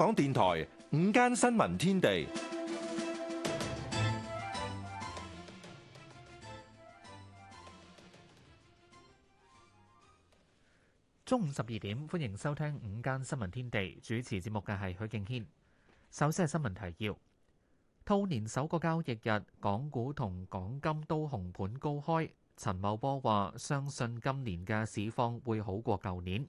香港電台午間新聞天地，中午十二點，歡迎收聽午間新聞天地，主持節目嘅係許敬軒。首先係新聞提要，兔年首個交易日，港股同港金都紅盤高開。陳茂波話：相信今年嘅市況會好過舊年。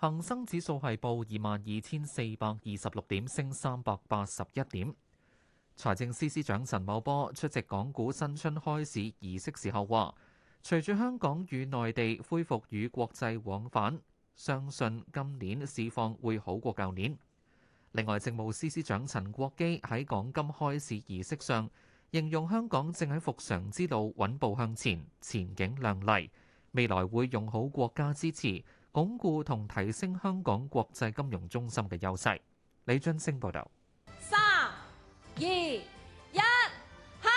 恒生指數係報二萬二千四百二十六點，升三百八十一點。財政司司長陳茂波出席港股新春開市儀式時候話，隨住香港與內地恢復與國際往返，相信今年市況會好過舊年。另外，政務司司長陳國基喺港金開市儀式上形容香港正喺復常之路穩步向前，前景亮麗，未來會用好國家支持。鞏固同提升香港國際金融中心嘅優勢。李津升報導。三二一，哈！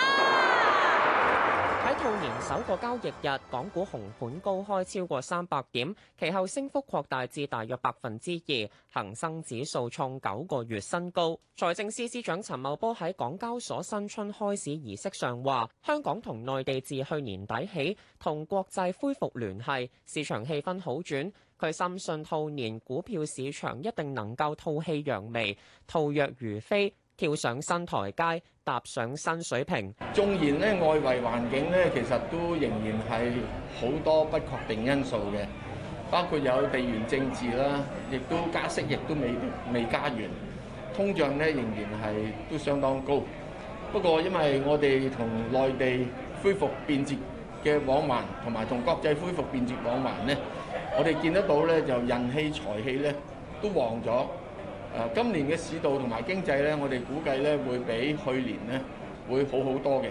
喺兔年首個交易日，港股紅盤高開超過三百點，其後升幅擴大至大約百分之二，恆生指數創九個月新高。財政司司長陳茂波喺港交所新春開市儀式上話：香港同內地自去年底起同國際恢復聯繫，市場氣氛好轉。佢深信，兔年股票市場一定能夠吐氣揚眉，吐躍如飛，跳上新台階，踏上新水平。縱然咧，外圍環境咧，其實都仍然係好多不確定因素嘅，包括有地緣政治啦，亦都加息亦都未未加完，通脹咧仍然係都相當高。不過，因為我哋同內地恢復便捷嘅往還，同埋同國際恢復便捷往還咧。我哋見得到咧，就人氣財氣咧都旺咗。誒，今年嘅市道同埋經濟咧，我哋估計咧會比去年咧會好好多嘅。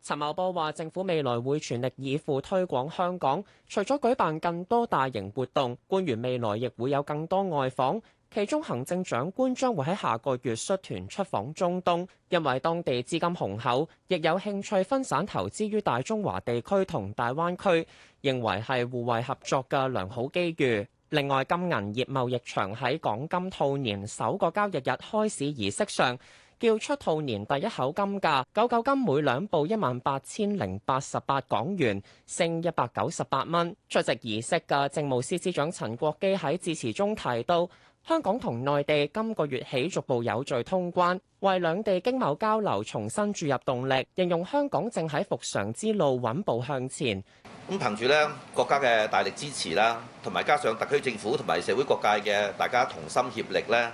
陳茂波話：政府未來會全力以赴推廣香港，除咗舉辦更多大型活動，官員未來亦會有更多外訪。其中行政長官將會喺下個月率團出訪中東，因為當地資金雄厚，亦有興趣分散投資於大中華地區同大灣區，認為係互惠合作嘅良好機遇。另外，金銀業貿易場喺港金兔年首個交易日開市儀式上叫出兔年第一口金價，九九金每兩報一萬八千零八十八港元，升一百九十八蚊。出席儀式嘅政務司司長陳國基喺致辭中提到。香港同內地今個月起逐步有序通關，為兩地經貿交流重新注入動力。形容香港正喺復常之路穩步向前。咁憑住咧國家嘅大力支持啦，同埋加上特區政府同埋社會各界嘅大家同心協力呢，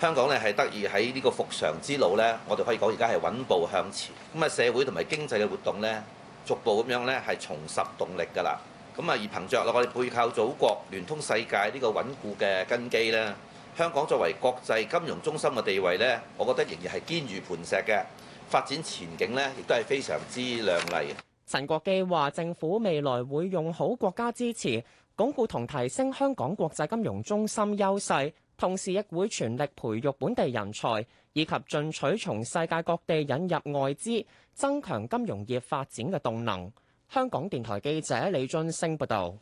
香港咧係得以喺呢個復常之路呢。我哋可以講而家係穩步向前。咁啊，社會同埋經濟嘅活動呢，逐步咁樣呢係重拾動力㗎啦。咁啊，而憑著我哋背靠祖國、聯通世界呢個穩固嘅根基呢。香港作為國際金融中心嘅地位呢，我覺得仍然係堅如磐石嘅，發展前景呢亦都係非常之亮麗。陳國基話：政府未來會用好國家支持，鞏固同提升香港國際金融中心優勢，同時亦會全力培育本地人才，以及進取從世界各地引入外資，增強金融業發展嘅動能。香港電台記者李津升報道。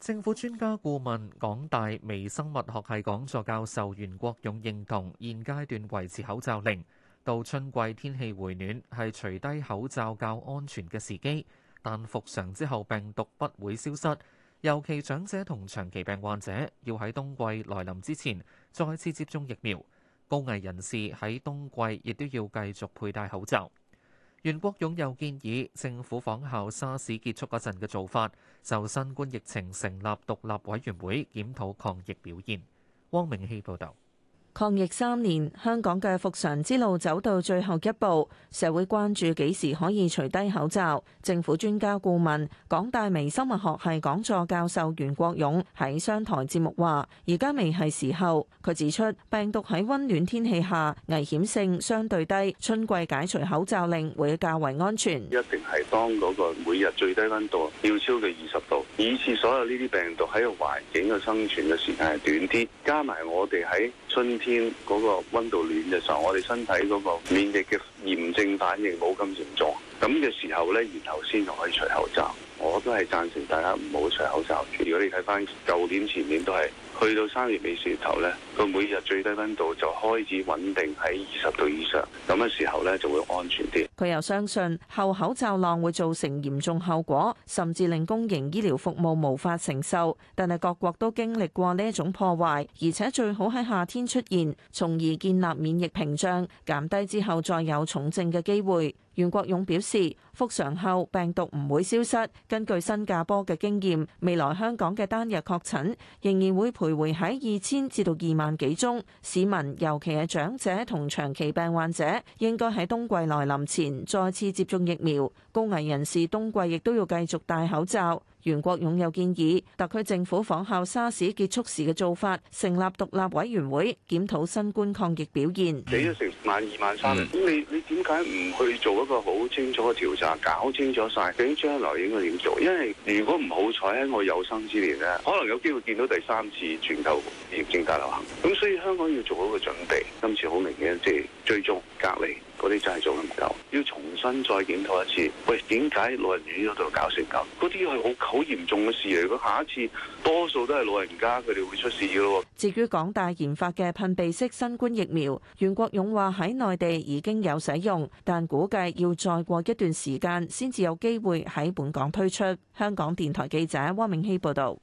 政府專家顧問港大微生物學系講座教授袁國勇認同，現階段維持口罩令，到春季天氣回暖係除低口罩較安全嘅時機，但復常之後病毒不會消失，尤其長者同長期病患者要喺冬季來臨之前再次接種疫苗，高危人士喺冬季亦都要繼續佩戴口罩。袁國勇又建議政府仿效沙士結束嗰陣嘅做法，就新冠疫情成立獨立委員會檢討抗疫表現。汪明希報導。抗疫三年，香港嘅復常之路走到最後一步，社會關注幾時可以除低口罩。政府專家顧問、港大微生物學系講座教授袁國勇喺商台節目話而家未係時候。佢指出，病毒喺溫暖天氣下危險性相對低，春季解除口罩令會較為安全。一定係當嗰個每日最低溫度要超過二十度，以致所有呢啲病毒喺個環境嘅生存嘅時間係短啲，加埋我哋喺春天。先嗰個溫度暖嘅時候，我哋身體嗰個免疫嘅炎症反應冇咁嚴重，咁嘅時候呢，然後先可以除口罩。我都係贊成大家唔好除口罩。如果你睇翻舊年、前面都係。去到三月尾、四月頭咧，佢每日最低温度就開始穩定喺二十度以上，咁嘅時候咧就會安全啲。佢又相信後口罩浪會造成嚴重後果，甚至令公營醫療服務無法承受。但係各國都經歷過呢一種破壞，而且最好喺夏天出現，從而建立免疫屏障，減低之後再有重症嘅機會。袁國勇表示，復常後病毒唔會消失。根據新加坡嘅經驗，未來香港嘅單日確診仍然會徘徊喺二千至到二萬幾宗。市民尤其係長者同長期病患者，應該喺冬季來臨前再次接種疫苗。高危人士冬季亦都要繼續戴口罩。袁國勇又建議特區政府仿效沙士結束時嘅做法，成立獨立委員會檢討新冠抗疫表現。死咗成萬二萬三，咁你你點解唔去做一個好清楚嘅調查，搞清楚晒究竟將來應該點做？因為如果唔好彩咧，我有生之年咧，可能有機會見到第三次全球疫症大流行，咁所以香港要做好個準備。今次好明顯，即係追蹤隔離。嗰啲真係做唔夠，要重新再檢討一次。喂，點解老人院嗰度搞成咁？嗰啲係好好嚴重嘅事嚟。如果下一次多數都係老人家，佢哋會出事嘅喎。至於港大研發嘅噴鼻式新冠疫苗，袁國勇話喺內地已經有使用，但估計要再過一段時間先至有機會喺本港推出。香港電台記者汪明熙報道。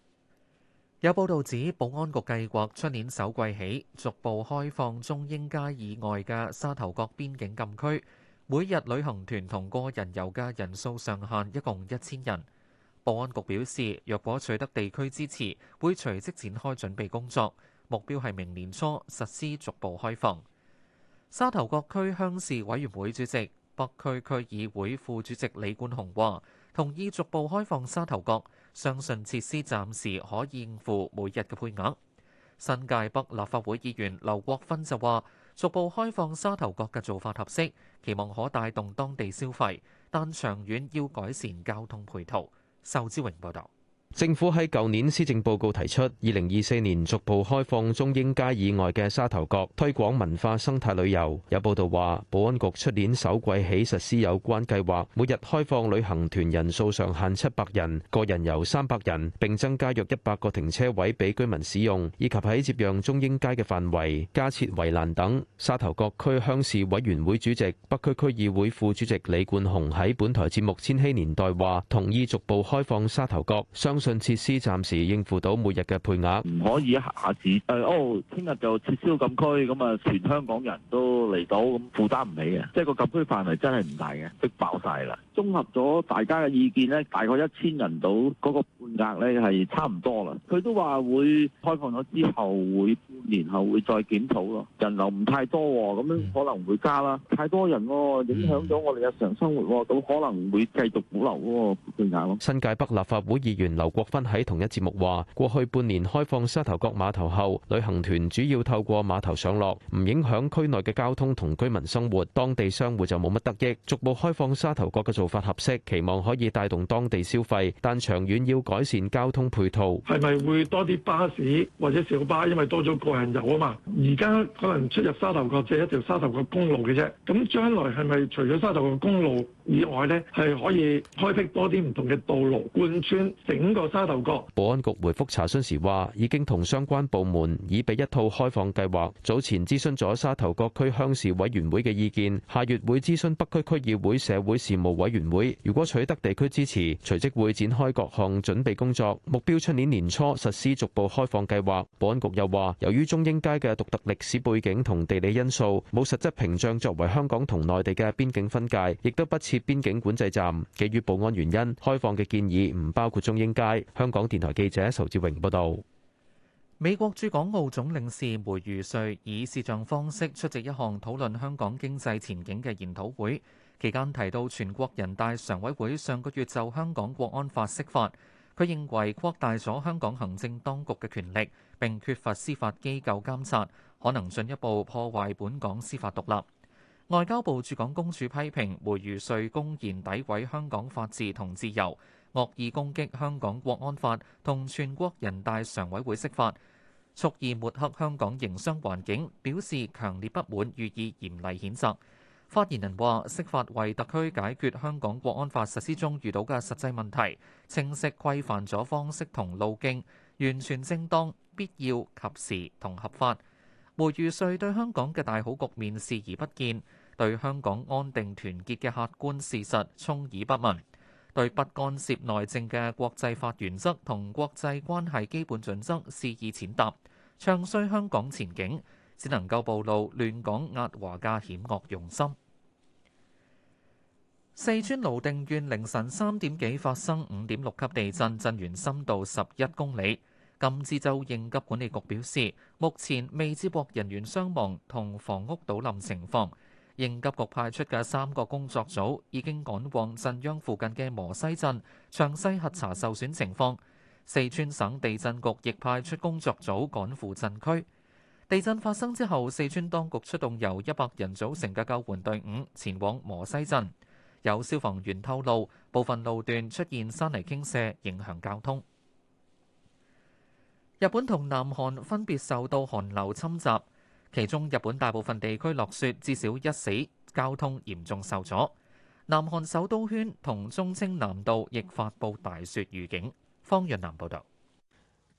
有報道指，保安局計劃出年首季起逐步開放中英街以外嘅沙頭角邊境禁區，每日旅行團同個人遊嘅人數上限一共一千人。保安局表示，若果取得地區支持，會隨即展開準備工作，目標係明年初實施逐步開放。沙頭角區鄉事委員會主席、北區區議會副主席李冠雄話：同意逐步開放沙頭角。相信設施暫時可以應付每日嘅配額。新界北立法會議員劉國芬就話，逐步開放沙頭角嘅做法合適，期望可帶動當地消費，但長遠要改善交通配套。仇之榮報道。政府喺舊年施政報告提出，二零二四年逐步開放中英街以外嘅沙頭角，推廣文化生態旅遊。有報道話，保安局出年首季起實施有關計劃，每日開放旅行團人數上限七百人，個人遊三百人，並增加約一百個停車位俾居民使用，以及喺接壤中英街嘅範圍加設圍欄等。沙頭角區鄉事委員會主席、北區區議會副主席李冠雄喺本台節目《千禧年代》話，同意逐步開放沙頭角，相信設施暫時應付到每日嘅配額，唔可以一下子誒，哦，聽日就撤銷禁區，咁啊，全香港人都嚟到，咁負擔唔起嘅，即係個禁區範圍真係唔大嘅，逼爆晒啦。綜合咗大家嘅意見咧，大概一千人到嗰、那個半額咧係差唔多啦。佢都話會開放咗之後會。然後會再檢討咯，人流唔太多喎，咁樣可能會加啦。太多人喎，影響咗我哋日常生活喎，咁可能會繼續保留嗰個對策咯。新界北立法會議員劉國勳喺同一節目話：過去半年開放沙頭角碼頭後，旅行團主要透過碼頭上落，唔影響區內嘅交通同居民生活，當地商戶就冇乜得益。逐步開放沙頭角嘅做法合適，期望可以帶動當地消費，但長遠要改善交通配套。係咪會多啲巴士或者小巴？因為多咗。個人遊啊嘛，而家可能出入沙頭角只係一條沙頭角公路嘅啫。咁將來係咪除咗沙頭角公路以外呢？係可以開闢多啲唔同嘅道路貫穿整個沙頭角？保安局回覆查詢時話：已經同相關部門擬備一套開放計劃，早前諮詢咗沙頭角區鄉事委員會嘅意見，下月會諮詢北區區議會社會事務委員會。如果取得地區支持，隨即會展開各項準備工作，目標出年年初實施逐步開放計劃。保安局又話：有。於中英街嘅獨特歷史背景同地理因素，冇實質屏障作為香港同內地嘅邊境分界，亦都不設邊境管制站。基於保安原因，開放嘅建議唔包括中英街。香港電台記者仇志榮報導。美國駐港澳總領事梅如瑞以視像方式出席一項討論香港經濟前景嘅研討會，期間提到全國人大常委會上個月就香港國安法釋法。佢認為擴大咗香港行政當局嘅權力，並缺乏司法機構監察，可能進一步破壞本港司法獨立。外交部駐港公署批評梅如瑞公然詆毀香港法治同自由，惡意攻擊香港國安法同全國人大常委會釋法，蓄意抹黑香港營商環境，表示強烈不滿，予以嚴厲譴責。發言人話：釋法為特區解決香港國安法實施中遇到嘅實際問題，清晰規範咗方式同路徑，完全正當、必要、及時同合法。梅如瑞對香港嘅大好局面視而不見，對香港安定團結嘅客觀事實充耳不聞，對不干涉內政嘅國際法原則同國際關係基本準則肆意踐踏，唱衰香港前景，只能夠暴露亂港壓華嘅險惡用心。四川瀘定縣凌晨三點幾發生五點六級地震，震源深度十一公里。甘孜州應急管理局表示，目前未接獲人員傷亡同房屋倒冧情況。應急局派出嘅三個工作組已經趕往震央附近嘅磨西鎮，詳細核查受損情況。四川省地震局亦派出工作組趕赴震區。地震發生之後，四川當局出動由一百人組成嘅救援隊伍前往磨西鎮。有消防員透露，部分路段出現山泥傾瀉，影響交通。日本同南韓分別受到寒流侵襲，其中日本大部分地區落雪，至少一死，交通嚴重受阻。南韓首都圈同忠清南道亦發布大雪預警。方潤南報道，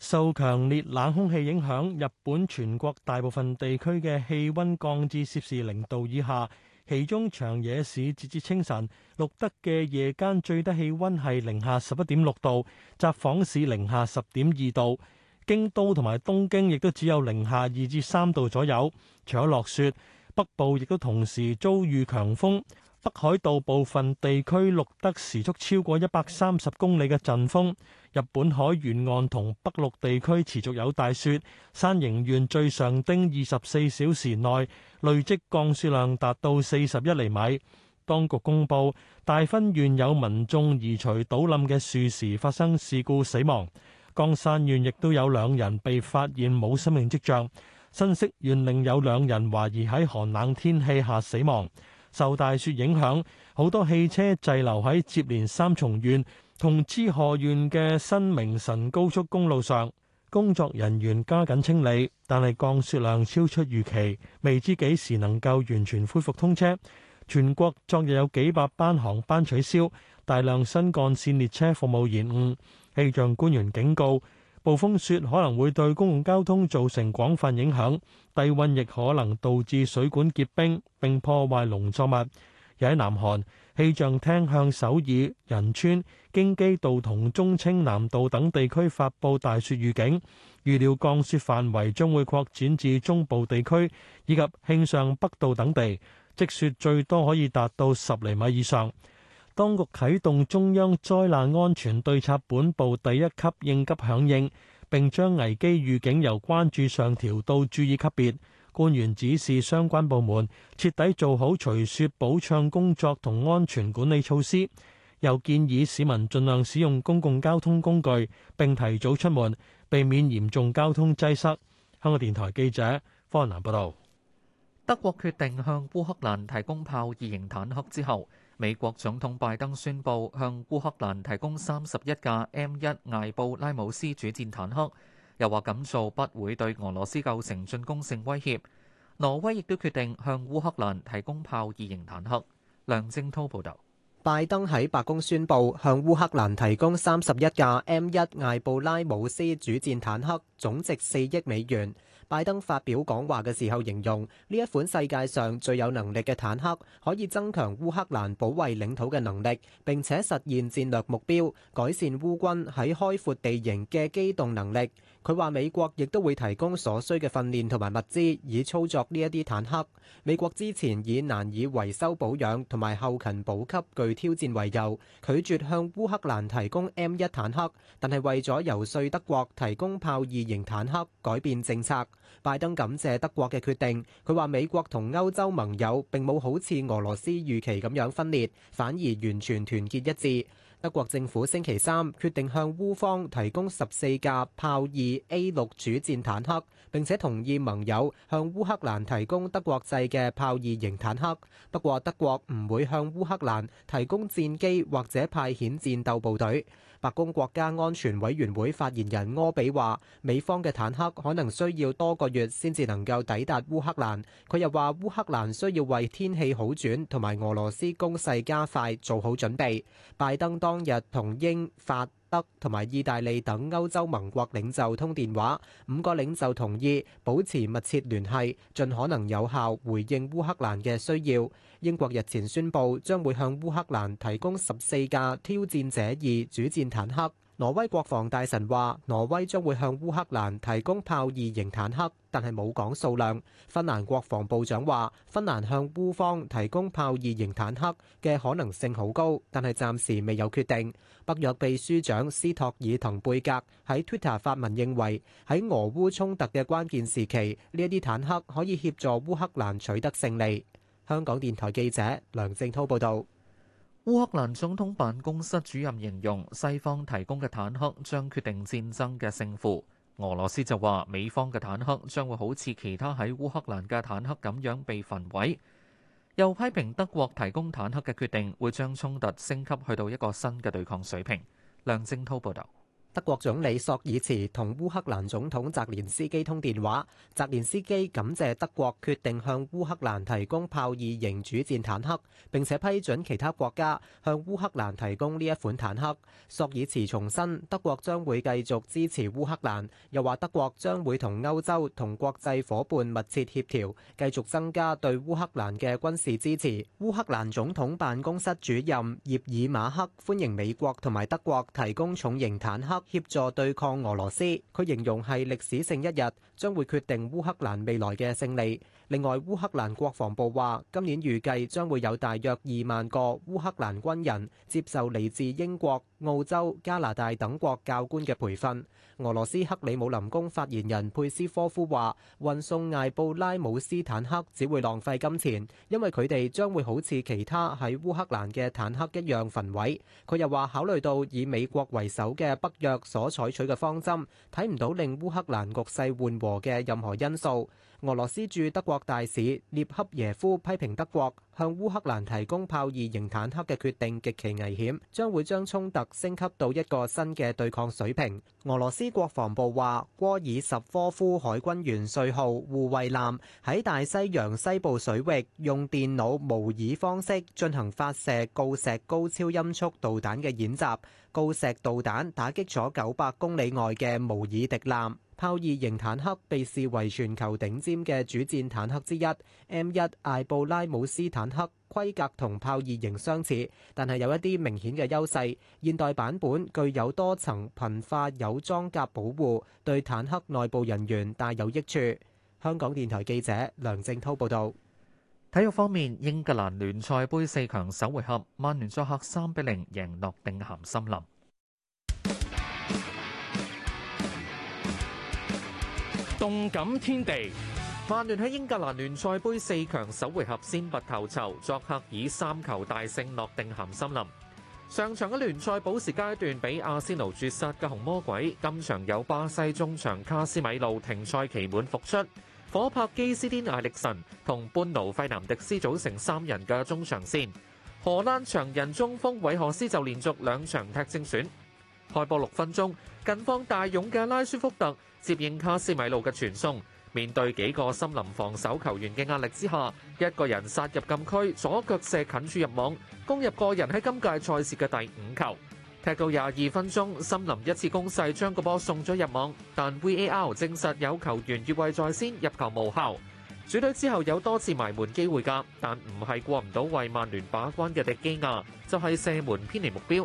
受強烈冷空氣影響，日本全國大部分地區嘅氣溫降至攝氏零度以下。其中長野市截至，至清晨錄得嘅夜間最低氣溫係零下十一點六度，札幌市零下十點二度，京都同埋東京亦都只有零下二至三度左右。除咗落雪，北部亦都同時遭遇強風。北海道部分地區錄得時速超過一百三十公里嘅陣風，日本海沿岸同北陸地區持續有大雪。山形縣最上町二十四小時內累積降雪量達到四十一厘米。當局公布，大分縣有民眾移除倒冧嘅樹時發生事故死亡，岡山縣亦都有兩人被發現冇生命跡象，新潟縣另有兩人懷疑喺寒冷天氣下死亡。受大雪影響，好多汽車滯留喺接連三重縣同滋賀縣嘅新名神高速公路上，工作人員加緊清理，但係降雪量超出預期，未知幾時能夠完全恢復通車，全國昨日有幾百班航班取消，大量新幹線列車服務延誤，氣象官員警告。暴風雪可能會對公共交通造成廣泛影響，低溫亦可能導致水管結冰並破壞農作物。又喺南韓，氣象廳向首爾、仁川、京畿道同忠清南道等地區發布大雪預警，預料降雪範圍將會擴展至中部地區以及慶尚北道等地，積雪最多可以達到十厘米以上。當局啟動中央災難安全對策本部第一級應急響應，並將危機預警由關注上調到注意級別。官員指示相關部門徹底做好除雪保暢工作同安全管理措施，又建議市民盡量使用公共交通工具，並提早出門，避免嚴重交通擠塞。香港電台記者方南報道。德國決定向烏克蘭提供豹二型坦克之後。美國總統拜登宣布向烏克蘭提供三十一架 M1 艾布拉姆斯主戰坦克，又話咁做不會對俄羅斯構成進攻性威脅。挪威亦都決定向烏克蘭提供炮二型坦克。梁正濤報道，拜登喺白宮宣布向烏克蘭提供三十一架 M1 艾布拉姆斯主戰坦克，總值四億美元。拜登發表講話嘅時候形容，呢一款世界上最有能力嘅坦克，可以增強烏克蘭保衛領土嘅能力，並且實現戰略目標，改善烏軍喺開闊地形嘅機動能力。佢話：美國亦都會提供所需嘅訓練同埋物資，以操作呢一啲坦克。美國之前以難以維修保養同埋後勤補給具挑戰為由，拒絕向烏克蘭提供 M 一坦克，但係為咗遊說德國提供豹二型坦克，改變政策。拜登感謝德國嘅決定。佢話：美國同歐洲盟友並冇好似俄羅斯預期咁樣分裂，反而完全團結一致。德國政府星期三決定向烏方提供十四架豹二 A 六主戰坦克，並且同意盟友向烏克蘭提供德國製嘅豹二型坦克。不過德國唔會向烏克蘭提供戰機或者派遣戰鬥部隊。白宮國家安全委員會發言人柯比話，美方嘅坦克可能需要多個月先至能夠抵達烏克蘭。佢又話烏克蘭需要為天氣好轉同埋俄羅斯攻勢加快做好準備。拜登當。當日同英、法、德同埋意大利等歐洲盟國領袖通電話，五個領袖同意保持密切聯繫，盡可能有效回應烏克蘭嘅需要。英國日前宣布將會向烏克蘭提供十四架挑戰者二主戰坦克。挪威國防大臣話：挪威將會向烏克蘭提供豹二型坦克，但係冇講數量。芬蘭國防部長話：芬蘭向烏方提供豹二型坦克嘅可能性好高，但係暫時未有決定。北約秘書長斯托爾滕貝格喺 Twitter 發文認為，喺俄烏衝突嘅關鍵時期，呢一啲坦克可以協助烏克蘭取得勝利。香港電台記者梁正滔報導。烏克蘭總統辦公室主任形容西方提供嘅坦克將決定戰爭嘅勝負。俄羅斯就話美方嘅坦克將會好似其他喺烏克蘭嘅坦克咁樣被焚毀，又批評德國提供坦克嘅決定會將衝突升級去到一個新嘅對抗水平。梁正濤報道。德國總理朔爾茨同烏克蘭總統澤連斯基通電話，澤連斯基感謝德國決定向烏克蘭提供豹二型主戰坦克，並且批准其他國家向烏克蘭提供呢一款坦克。朔爾茨重申，德國將會繼續支持烏克蘭，又話德國將會同歐洲同國際夥伴密切協調，繼續增加對烏克蘭嘅軍事支持。烏克蘭總統辦公室主任葉爾馬克歡迎美國同埋德國提供重型坦克，協助對抗俄羅斯，佢形容係歷史性一日，將會決定烏克蘭未來嘅勝利。另外，烏克蘭國防部話，今年預計將會有大約二萬個烏克蘭軍人接受嚟自英國、澳洲、加拿大等國教官嘅培訓。俄羅斯克里姆林宮發言人佩斯科夫話，運送艾布拉姆斯坦克只會浪費金錢，因為佢哋將會好似其他喺烏克蘭嘅坦克一樣焚毀。佢又話，考慮到以美國為首嘅北約所採取嘅方針，睇唔到令烏克蘭局勢緩和嘅任何因素。俄羅斯駐德國大使涅恰耶夫批評德國向烏克蘭提供豹二型坦克嘅決定極其危險，將會將衝突升級到一個新嘅對抗水平。俄羅斯國防部話，戈爾什科夫海軍元帥號護衛艦喺大西洋西部水域用電腦模擬方式進行發射鋯石高超音速導彈嘅演習，鋯石導彈打擊咗九百公里外嘅模擬敵艦。炮二型坦克被視為全球頂尖嘅主戰坦克之一，M 一艾布拉姆斯坦克規格同炮二型相似，但係有一啲明顯嘅優勢。現代版本具有多層貧化鈾裝甲保護，對坦克內部人員大有益處。香港電台記者梁正滔報導。體育方面，英格蘭聯賽杯四強首回合，曼聯作客三比零贏諾定咸森林。動感天地，曼聯喺英格蘭聯賽杯四強首回合先拔頭籌，作客以三球大勝諾定咸森林。上場嘅聯賽補時階段俾阿仙奴絕殺嘅紅魔鬼，今場有巴西中場卡斯米路停賽期滿復出，夥拍基斯丁艾力神同班奴費南迪斯組成三人嘅中場線。荷蘭長人中鋒韋何斯就連續兩場踢正選。開波六分鐘，近方大勇嘅拉舒福特接應卡斯米路嘅傳送，面對幾個森林防守球員嘅壓力之下，一個人殺入禁區，左腳射近柱入網，攻入個人喺今屆賽事嘅第五球。踢到廿二分鐘，森林一次攻勢將個波送咗入網，但 VAR 證實有球員越位在先，入球無效。主隊之後有多次埋門機會㗎，但唔係過唔到為曼聯把關嘅迪基亞，就係射門偏離目標。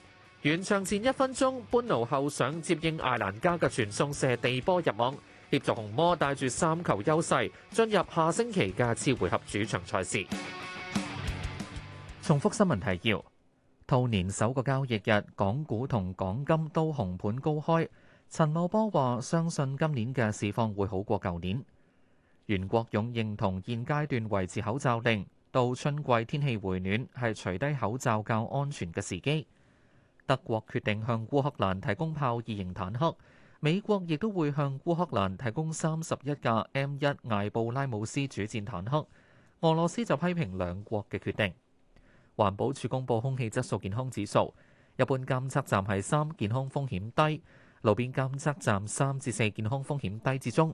完場前一分鐘，搬奴後想接應艾蘭加嘅傳送，射地波入網，協助紅魔帶住三球優勢進入下星期嘅次回合主場賽事。重複新聞提要：兔年首個交易日，港股同港金都紅盤高開。陳茂波話：相信今年嘅市況會好過舊年。袁國勇認同現階段維持口罩令，到春季天氣回暖係除低口罩較安全嘅時機。德國決定向烏克蘭提供豹二型坦克，美國亦都會向烏克蘭提供三十一架 M 一艾布拉姆斯主戰坦克。俄羅斯就批評兩國嘅決定。環保署公布空氣質素健康指數，一般監測站係三，健康風險低；路邊監測站三至四，健康風險低至中。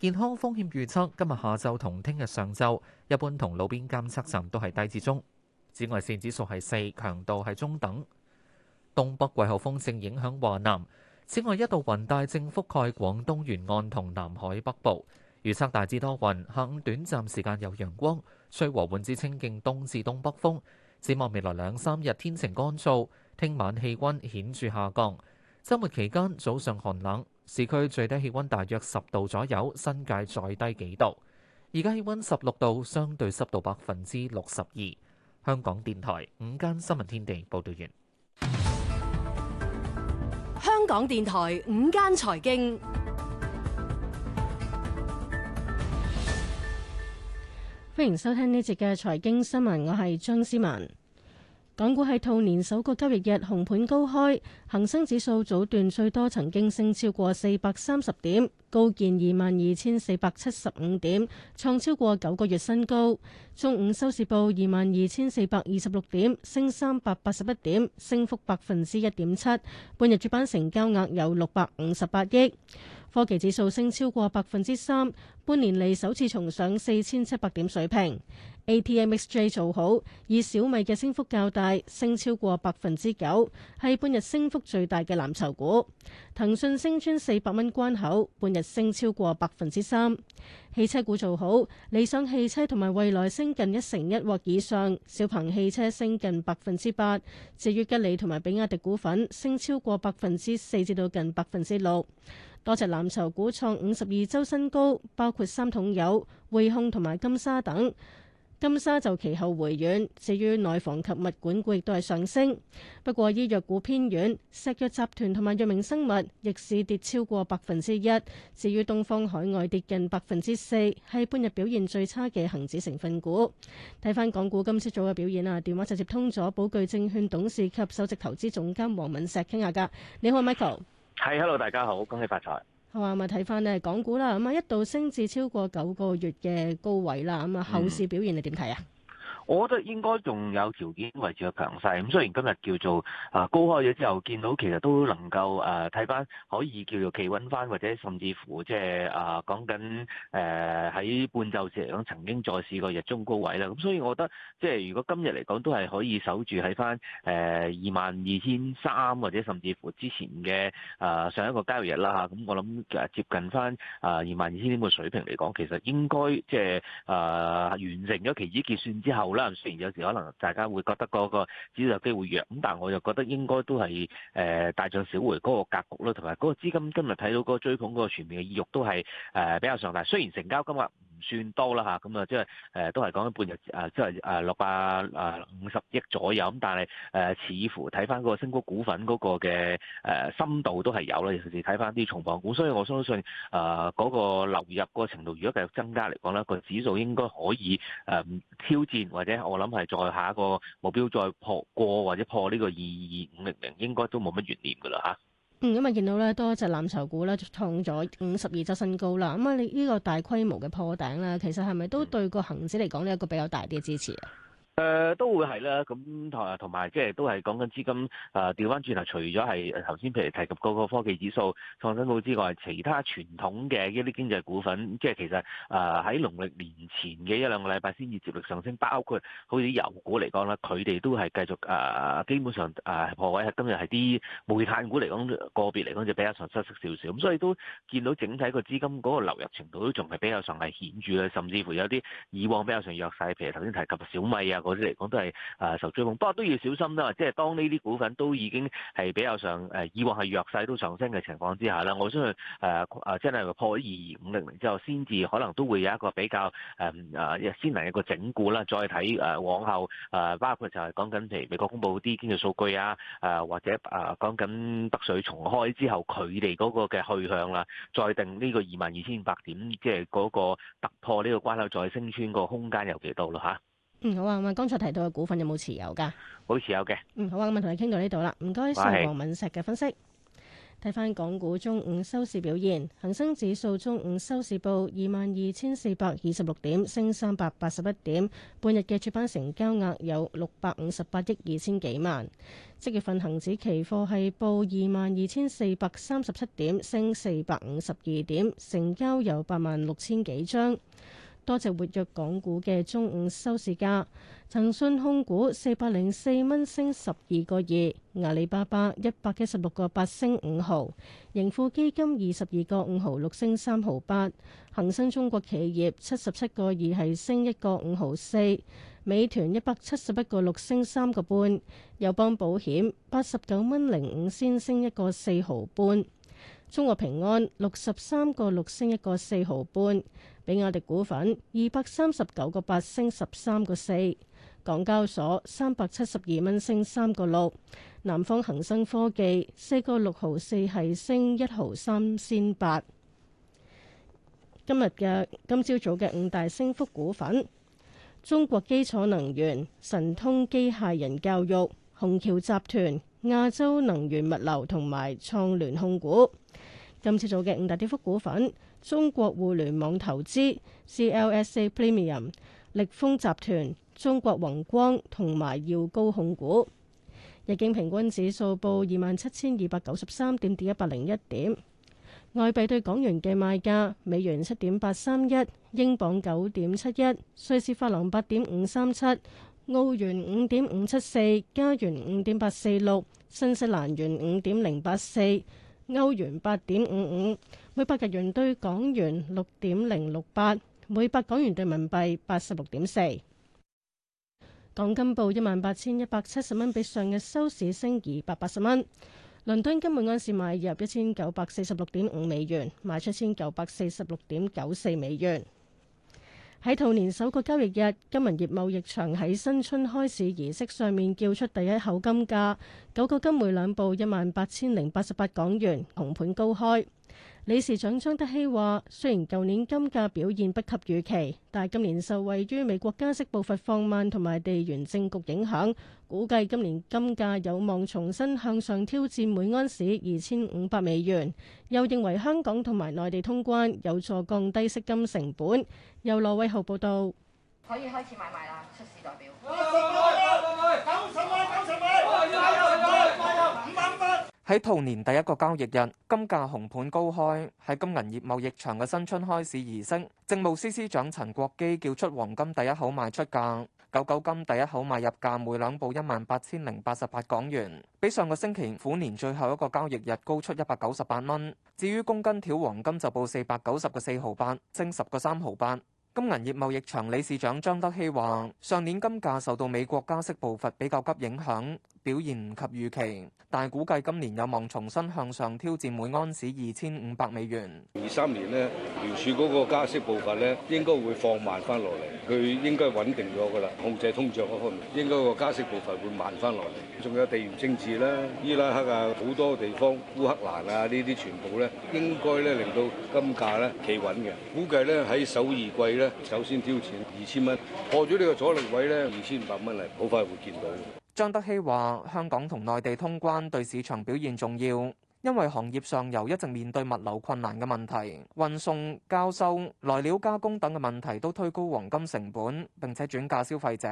健康風險預測今日下晝同聽日上晝，一般同路邊監測站都係低至中。紫外線指數係四，強度係中等。東北季候風正影響華南，此外一道雲帶正覆蓋廣東沿岸同南海北部。預測大致多雲，下午短暫時間有陽光，吹和緩至清勁東至東北風。展望未來兩三日天晴乾燥，聽晚氣温顯著下降。週末期間早上寒冷，市區最低氣温大約十度左右，新界再低幾度。而家氣温十六度，相對濕度百分之六十二。香港電台午間新聞天地報道完。港電台五間財經，歡迎收聽呢節嘅財經新聞，我係張思文。港股係兔年首個交易日，紅盤高開，恒生指數早段最多曾經升超過四百三十點，高見二萬二千四百七十五點，創超過九個月新高。中午收市報二萬二千四百二十六點，升三百八十一點，升幅百分之一點七。半日主板成交額有六百五十八億。科技指數升超過百分之三，半年嚟首次重上四千七百點水平。A.T.M.X.J 做好，以小米嘅升幅較大，升超過百分之九，係半日升幅最大嘅藍籌股。騰訊升穿四百蚊關口，半日升超過百分之三。汽車股做好，理想汽車同埋蔚來升近一成一或以上，小鵬汽車升近百分之八。至於吉利同埋比亞迪股份，升超過百分之四至到近百分之六。多隻藍籌股創五十二周新高，包括三桶油、匯控同埋金沙等。金沙就其後回軟，至於內房及物管股亦都係上升。不過醫藥股偏軟，石藥集團同埋藥明生物逆市跌超過百分之一，至於東方海外跌近百分之四，係半日表現最差嘅恒指成分股。睇翻港股今朝早嘅表現啊，電話就接通咗寶鉅證券董事及首席投資總監黃敏碩傾下噶。你好，Michael。係，Hello，大家好，恭喜發財。我話咪睇翻咧，港股啦，咁啊一度升至超過九個月嘅高位啦，咁啊後市表現你點睇啊？嗯我覺得應該仲有條件維持個強勢，咁雖然今日叫做啊高開咗之後，見到其實都能夠誒睇翻可以叫做企穩翻，或者甚至乎即係啊講緊誒喺半晝時嚟講曾經再試過日中高位啦，咁所以我覺得即係如果今日嚟講都係可以守住喺翻誒二萬二千三或者甚至乎之前嘅啊上一個交易日啦，咁我諗誒接近翻啊二萬二千點嘅水平嚟講，其實應該即係啊完成咗期指結算之後啦，雖然有時可能大家會覺得嗰個指數機會弱，咁但係我又覺得應該都係誒大漲小回嗰個格局咯，同埋嗰個資金今日睇到嗰個追捧嗰個全面嘅意欲都係誒比較上大，但係雖然成交今日。唔算多啦嚇，咁啊即係誒都係講緊半日，誒即係誒六百誒五十億左右咁，但係誒似乎睇翻個升幅股份嗰個嘅誒深度都係有啦，尤其是睇翻啲重磅股，所以我相信誒嗰個流入嗰個程度，如果繼續增加嚟講咧，個指數應該可以誒挑戰或者我諗係再下一個目標再破過或者破呢個二二五零零，應該都冇乜懸念噶啦嚇。嗯，咁啊見到咧多隻藍籌股咧創咗五十二周新高啦，咁啊你呢個大規模嘅破頂啦，其實係咪都對個恒指嚟講咧一個比較大啲嘅支持啊？誒、呃、都會係啦，咁同同埋即係都係講緊資金啊調翻轉頭，除咗係頭先譬如提及嗰個科技指數、創新高之外，其他傳統嘅一啲經濟股份，即係其實啊喺、呃、農曆年前嘅一兩個禮拜先至接力上升，包括好似油股嚟講啦，佢哋都係繼續啊、呃、基本上啊、呃、破位，今日係啲煤炭股嚟講個別嚟講就比較上失色少少，咁所以都見到整體個資金嗰個流入程度都仲係比較上係顯著嘅，甚至乎有啲以往比較上弱勢，譬如頭先提及小米啊。我哋嚟講都係誒受追捧，不過都要小心啦。即係當呢啲股份都已經係比較上誒，以往係弱勢都上升嘅情況之下啦，我相信誒誒、呃、真係破二二五零零之後，先至可能都會有一個比較誒誒、呃、先嚟一個整固啦。再睇誒往後誒、呃，包括就係講緊譬如美國公布啲經濟數據啊，誒、呃、或者誒講緊北水重開之後佢哋嗰個嘅去向啦，再定呢個二萬二千五百點，即係嗰個突破呢個關口再升穿個空間有幾多咯嚇？啊。嗯，好啊。咁啊，剛才提到嘅股份有冇持有㗎？冇持有嘅。嗯，好啊。咁、嗯、啊，同你傾到呢度啦。唔該晒，黃敏石嘅分析。睇返是港股中午收市表現，恒生指數中午收市報二萬二千四百二十六點，升三百八十一點。半日嘅主板成交額有六百五十八億二千幾萬。即月份恒指期貨係報二萬二千四百三十七點，升四百五十二點，成交有八萬六千幾張。多隻活躍港股嘅中午收市價，騰訊控股四百零四蚊升十二個二，阿里巴巴一百一十六個八升五毫，盈富基金二十二個五毫六升三毫八，恒生中國企業七十七個二係升一個五毫四，美團一百七十一個六升三個半，友邦保險八十九蚊零五仙升一個四毫半，中國平安六十三個六升一個四毫半。比亞迪股份二百三十九個八升十三個四，8, 4, 港交所三百七十二蚊升三個六，1, 6, 南方恒生科技四個六毫四係升一毫三先八。今日嘅今朝早嘅五大升幅股份：中國基礎能源、神通機械人、教育、虹橋集團、亞洲能源物流同埋創聯控股。今朝早嘅五大跌幅股份。中國互聯網投資、CLSA Premium、力豐集團、中國宏光同埋耀高控股。日經平均指數報二萬七千二百九十三點點一百零一點。外幣對港元嘅賣價：美元七點八三一，英鎊九點七一，瑞士法郎八點五三七，澳元五點五七四，加元五點八四六，新西蘭元五點零八四。歐元八點五五，每百日元兌港元六點零六八，每百港元兌人民幣八十六點四。港金報一萬八千一百七十蚊，比上日收市升二百八十蚊。倫敦金每盎司買入一千九百四十六點五美元，賣出一千九百四十六點九四美元。喺兔年首個交易日，金銀業貿易場喺新春開市儀式上面叫出第一口金價，九個金每兩報一萬八千零八十八港元，紅盤高開。理事長張德熙話，雖然舊年金價表現不及預期，但係今年受惠於美國加息步伐放慢同埋地緣政局影響，估計今年金價有望重新向上挑戰每安士二千五百美元。又認為香港同埋內地通關有助降低息金成本。由羅偉豪報道。可以開始買賣啦！出市代表。喺兔年第一個交易日，金價紅盤高開，喺金銀業貿易場嘅新春開市儀式，政務司司長陳國基叫出黃金第一口賣出價，九九金第一口賣入價每兩報一萬八千零八十八港元，比上個星期虎年最後一個交易日高出一百九十八蚊。至於公斤條黃金就報四百九十個四毫八，升十個三毫八。金銀業貿易場理事長張德熙話：上年金價受到美國加息步伐比較急影響。表現唔及預期，但係估計今年有望重新向上挑戰每安士二千五百美元。二三年呢，聯儲嗰個加息步伐咧，應該會放慢翻落嚟，佢應該穩定咗㗎啦，控制通脹嗰方面，應該個加息步伐會慢翻落嚟。仲有地緣政治啦，伊拉克啊，好多地方，烏克蘭啊，呢啲全部咧，應該咧令到金價咧企穩嘅。估計咧喺首二季咧，首先挑戰二千蚊，破咗呢個阻力位咧，二千五百蚊嚟，好快會見到。張德熙話：香港同內地通關對市場表現重要，因為行業上游一直面對物流困難嘅問題，運送、交收、來料加工等嘅問題都推高黃金成本，並且轉嫁消費者。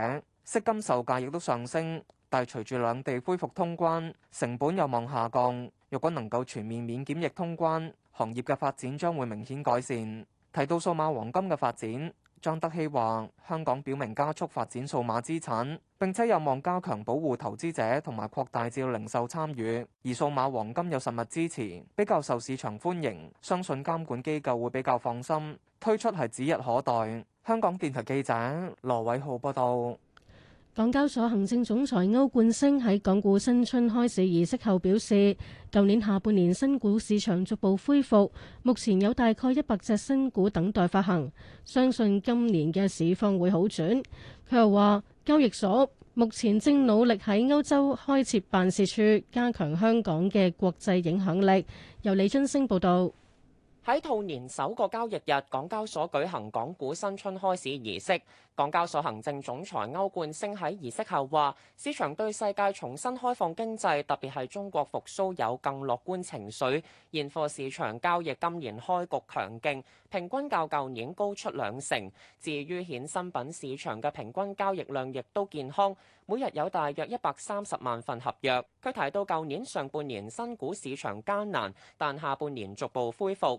飾金售價亦都上升，但係隨住兩地恢復通關，成本有望下降。若果能夠全面免檢疫通關，行業嘅發展將會明顯改善。提到數碼黃金嘅發展。張德熙話：香港表明加速發展數碼資產，並且有望加強保護投資者，同埋擴大至零售參與。而數碼黃金有實物支持，比較受市場歡迎，相信監管機構會比較放心，推出係指日可待。香港電台記者羅偉浩報道。港交所行政總裁歐冠升喺港股新春開市儀式後表示，舊年下半年新股市場逐步恢復，目前有大概一百隻新股等待發行，相信今年嘅市況會好轉。佢又話，交易所目前正努力喺歐洲開設辦事處，加強香港嘅國際影響力。由李津升報道。喺兔年首個交易日，港交所舉行港股新春開市儀式。港交所行政總裁歐冠升喺儀式後話：市場對世界重新開放經濟，特別係中國復甦有更樂觀情緒。現貨市場交易今年開局強勁，平均較舊年高出兩成。至於衍生品市場嘅平均交易量亦都健康，每日有大約一百三十萬份合約。佢提到舊年上半年新股市場艱難，但下半年逐步恢復。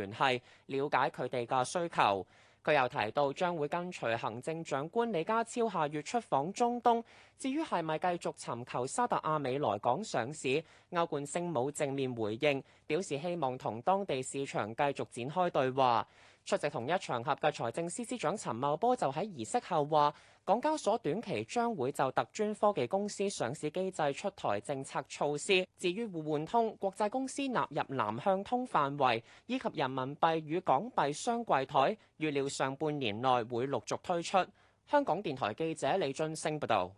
聯繫了解佢哋嘅需求。佢又提到將會跟隨行政長官李家超下月出訪中東。至於係咪繼續尋求沙特阿美來港上市，歐冠昇冇正面回應，表示希望同當地市場繼續展開對話。出席同一場合嘅財政司司長陳茂波就喺儀式後話，港交所短期將會就特專科技公司上市機制出台政策措施。至於互換通、國際公司納入南向通範圍，以及人民幣與港幣雙櫃台，預料上半年內會陸續推出。香港電台記者李津升報道。